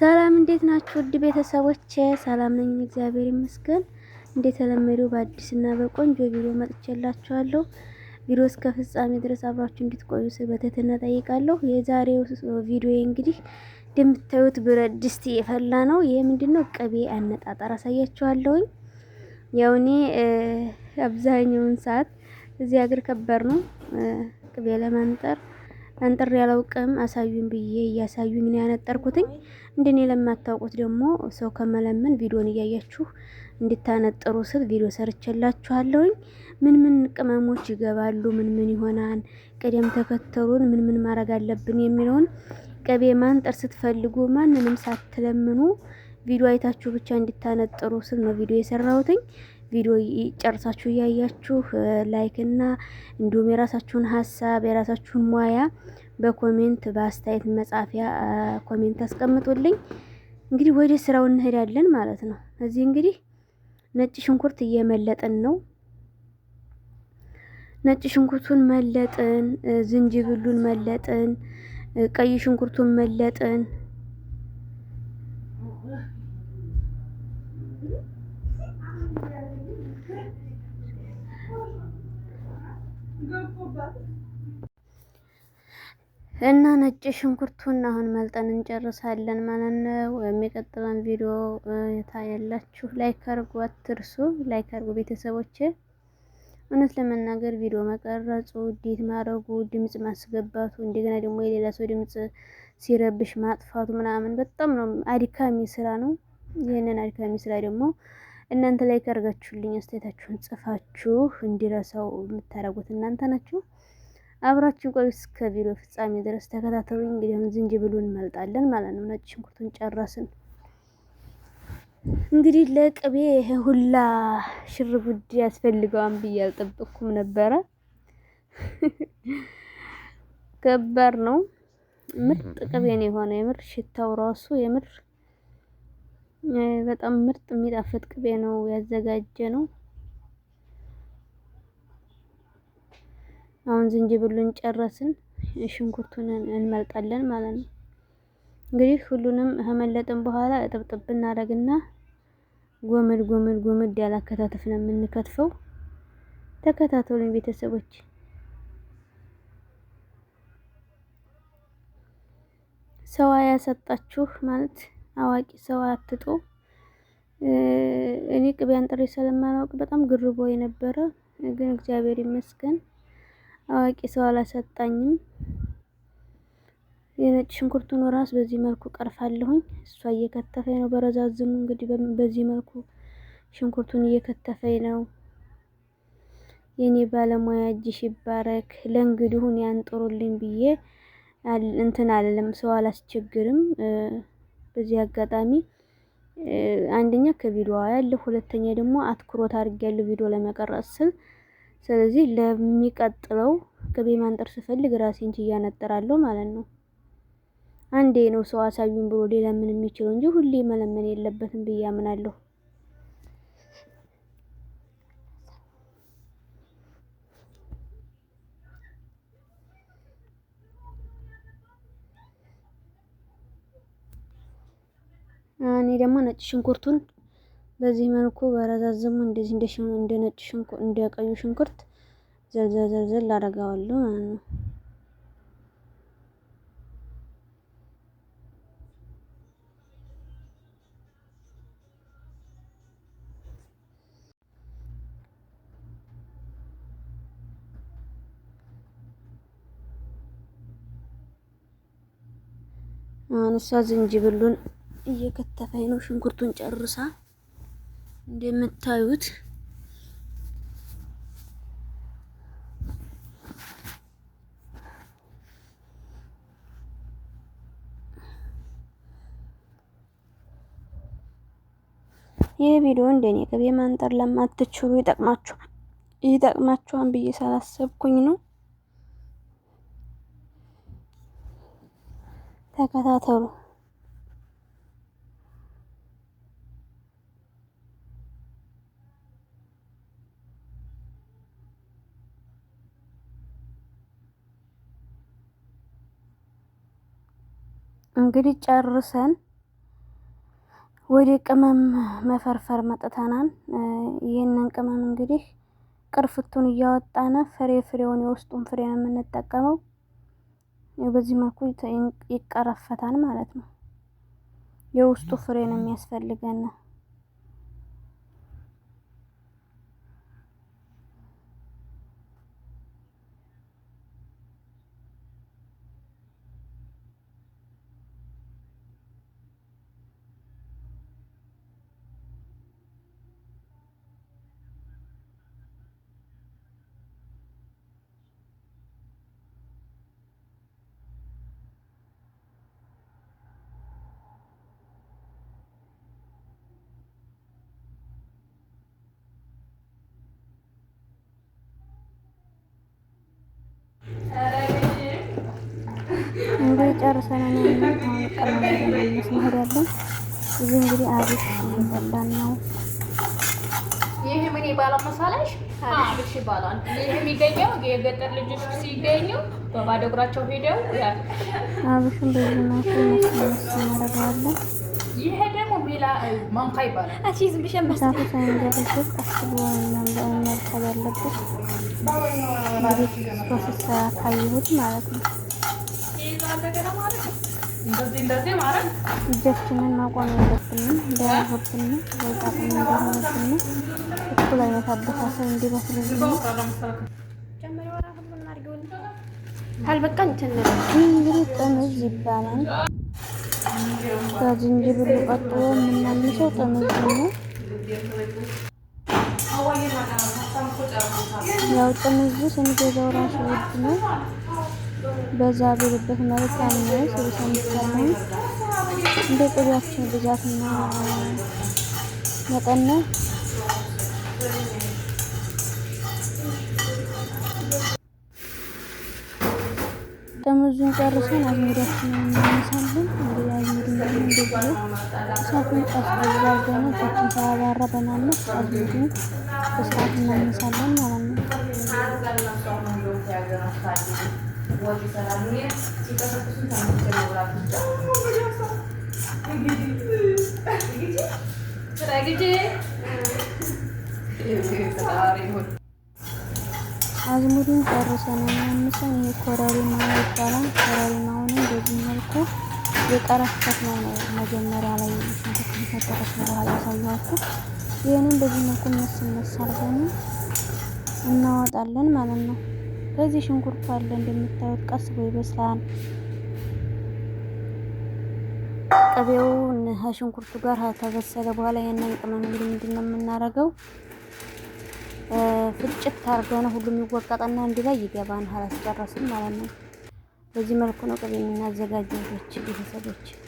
ሰላም እንዴት ናችሁ? ውድ ቤተሰቦች ሰላም ነኝ፣ እግዚአብሔር ይመስገን። እንደተለመደው በአዲስና በቆንጆ ቪዲዮ መጥቼላችኋለሁ። ቪዲዮ እስከ ፍጻሜ ድረስ አብራችሁ እንድትቆዩ በትህትና ጠይቃለሁ። የዛሬው ቪዲዮ እንግዲህ እንደምታዩት ብረት ድስት እየፈላ ነው። ይሄ ምንድነው? ቅቤ አነጣጠር አሳያችኋለሁኝ። ያው እኔ አብዛኛውን ሰዓት እዚህ ሀገር ከባድ ነው ቅቤ ለማንጠር አንጥሬ አላውቅም አሳዩን ብዬ እያሳዩኝ ነው ያነጠርኩትኝ። እንደኔ ለማታውቁት ደግሞ ሰው ከመለመን ቪዲዮን እያያችሁ እንድታነጥሩ ስል ቪዲዮ ሰርቼላችኋለሁኝ። ምን ምን ቅመሞች ይገባሉ፣ ምን ምን ይሆናል፣ ቅደም ተከተሉን ምን ምን ማድረግ አለብን የሚለውን ቅቤ ማንጠር ስትፈልጉ ማንንም ሳትለምኑ ቪዲዮ አይታችሁ ብቻ እንድታነጥሩ ስል ነው ቪዲዮ የሰራሁትኝ። ቪዲዮ ጨርሳችሁ እያያችሁ ላይክ እና እንዲሁም የራሳችሁን ሀሳብ የራሳችሁን ሙያ በኮሜንት በአስተያየት መጻፊያ ኮሜንት አስቀምጡልኝ። እንግዲህ ወደ ስራው እንሄዳለን ማለት ነው። እዚህ እንግዲህ ነጭ ሽንኩርት እየመለጥን ነው። ነጭ ሽንኩርቱን መለጥን፣ ዝንጅብሉን መለጥን፣ ቀይ ሽንኩርቱን መለጥን እና ነጭ ሽንኩርቱን አሁን መልጠን እንጨርሳለን ማለት ነው። የሚቀጥለን ቪዲዮ ታያላችሁ። ላይክ አርጉ አትርሱ። ላይክ አርጉ ቤተሰቦቼ። እውነት ለመናገር ቪዲዮ መቀረጹ፣ ዲት ማድረጉ፣ ድምጽ ማስገባቱ፣ እንደገና ደግሞ የሌላ ሰው ድምጽ ሲረብሽ ማጥፋቱ ምናምን በጣም ነው አድካሚ ስራ ነው። ይህንን አድካሚ ስራ ደግሞ እናንተ ላይ ካርጋችሁልኝ አስተያየታችሁን ጽፋችሁ እንዲረሳው የምታደርጉት እናንተ ናችሁ። አብራችን ቆዩ እስከ ቪዲዮ ፍጻሜ ድረስ ተከታተሉ። እንግዲህ አሁን ዝንጅብሉን እንመልጣለን ማለት ነው። ነጭ ሽንኩርቱን ጨረስን። እንግዲህ ለቅቤ ይሄ ሁላ ሽር ጉድ ያስፈልገዋን ብዬ አልጠብቅኩም ነበረ። ከባድ ነው። ምርጥ ቅቤ ነው የሆነ የምር ሽታው ራሱ የምር በጣም ምርጥ የሚጣፍጥ ቅቤ ነው ያዘጋጀ ነው። አሁን ዝንጅብሉን ጨረስን፣ ሽንኩርቱን እንመልጣለን ማለት ነው። እንግዲህ ሁሉንም ከመለጥን በኋላ እጥብጥብ እናደርግና ጎመድ ጎመድ ጎመድ ያለ አከታተፍ ነው የምንከትፈው። ተከታተሉኝ ቤተሰቦች። ሰው ያሰጣችሁ ማለት አዋቂ ሰው አትጡ። እኔ ቅቤ አንጥሬ ስለማላውቅ በጣም ግርቦ የነበረ ግን እግዚአብሔር ይመስገን አዋቂ ሰው አላሰጣኝም። የነጭ ሽንኩርቱን ራስ በዚህ መልኩ ቀርፋለሁኝ። እሷ እየከተፈኝ ነው በረዛዝሙ። እንግዲህ በዚህ መልኩ ሽንኩርቱን እየከተፈኝ ነው። የኔ ባለሙያ እጅሽ ይባረክ። ለእንግዲሁን ያንጥሩልኝ ብዬ እንትን አልልም፣ ሰው አላስቸግርም። በዚህ አጋጣሚ አንደኛ ከቪዲዮ ያለው፣ ሁለተኛ ደግሞ አትኩሮት ያለው ቪዲዮ ለመቀረጽ ስል። ስለዚህ ለሚቀጥለው ቅቤ ማንጠር ስፈልግ ራሴን ችዬ እያነጠራለሁ ማለት ነው። አንዴ ነው ሰው አሳዩን ብሎ ሌላ ምን የሚችለው እንጂ ሁሌ መለመን የለበትም ብዬ አምናለሁ። እኔ ደግሞ ነጭ ሽንኩርቱን በዚህ መልኩ በረዛዝሙ እንደዚህ እንደ እንደ ነጭ ሽንኩርት እንደ ቀዩ ሽንኩርት ዘርዘር ዘርዘር ላደርገዋለሁ ማለት ነው። አሁን እሷ ዝንጅብሉን እየከተፈኝ ነው። ሽንኩርቱን ጨርሳ እንደምታዩት ይህ ቪዲዮ እንደኔ ቅቤ ማንጠር ለማትችሉ ይጠቅማችኋል ይጠቅማችኋል ብዬ ሳላሰብኩኝ ነው። ተከታተሉ። እንግዲህ ጨርሰን ወደ ቅመም መፈርፈር መጥተናል። ይህንን ቅመም እንግዲህ ቅርፍቱን እያወጣነ ፍሬ ፍሬውን የውስጡን ፍሬ ነው የምንጠቀመው። በዚህ መልኩ ይቀረፈታል ማለት ነው። የውስጡ ፍሬ ነው የሚያስፈልገን። ጨርሰን መሄድ ያለን እዚህ እንግዲህ አብሽ እየበላን ነው። ይህ ምን ይባላል መሰለሽ? አብሽ ይባላል። ይህ የሚገኘው የገጠር ልጆች ሲገኙ በባዶ እግራቸው ሄደው አብሽን በዚህ መልኩ እናደርገዋለን። ይሄ ደግሞ ሜላ ማንካ ይባላል። አቺ ዝም ብሽ መሳፈ ሳይንደርስስ አስቦ መብቀል ያለበት ማለት ነው። እጃችንን ማቆም የለብንም። እንዳያርብብን ወጣጥ እንዳይሆንብን እኩል አይነት አበሳሰብ እንዲበስልልን ካልበቃን እንግዲህ ጥምዝ ይባላል። ከዝንጅብሉ ቀጥሎ የምናምሰው ጥምዝ ነው። ያው ጥምዙ ስንገዛው ራሱ ውድ ነው። በዛ ብልበት መልካም ነው። ስለሰ የሚሰማኝ እንደ ቆዳችን ብዛትና መጠን ነው። ጠመዙን ጨርሰን አዝሙዳችን እናነሳለን። እንግዲህ አዝሙድ እንደሆነ እንደዚህ እሳቱን ቀስቀዛል ደግሞ ቶችን ተባባራ አዝሙድን በስርዓት እናነሳለን ማለት ነው። ወጥ ይሰራሉ። ሲቀሰቅሱን አዝሙዱን ጨርሰናል። አምሰን የኮረሪማውን ይባላል። ኮረሪማውን በዚህ መልኩ ነው። መጀመሪያ ላይ ሽንኩርት በኋላ ይህንን በዚህ መልኩ መስ መሳርገን እናወጣለን ማለት ነው። በዚህ ሽንኩርት አለ እንደምታዩት ቀስ ብሎ ይበስላል። ቅቤውን ከሽንኩርቱ ጋር ተበሰለ በኋላ ያንን ቅመም እንግዲህ ምንድን ነው የምናደርገው? ፍጭት አድርገን ሁሉም ይወቀጠና አንድ ላይ ይገባን አላስጨረስም ማለት ነው። በዚህ መልኩ ነው ቅቤ የምናዘጋጀው ቤተሰቦች።